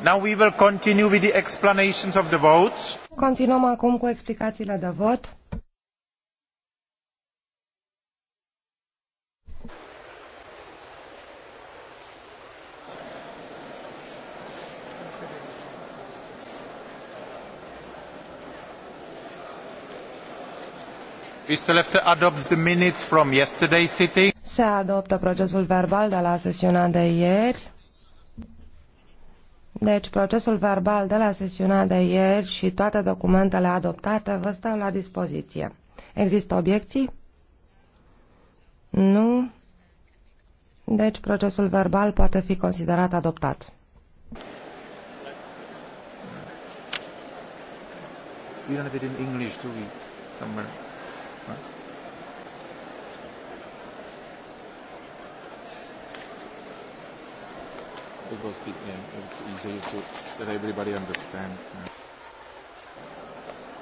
Now we will continue with the explanations of the votes. Continuăm acum cu explicațiile de vot. We still have to adopt the minutes from yesterday's sitting. Se adoptă procesul verbal de la sesiunea de ieri. Deci, procesul verbal de la sesiunea de ieri și toate documentele adoptate vă stau la dispoziție. Există obiecții? Nu. Deci, procesul verbal poate fi considerat adoptat. We don't have it in English, do we? Somewhere. Huh? It was yeah, easier to, that everybody understand.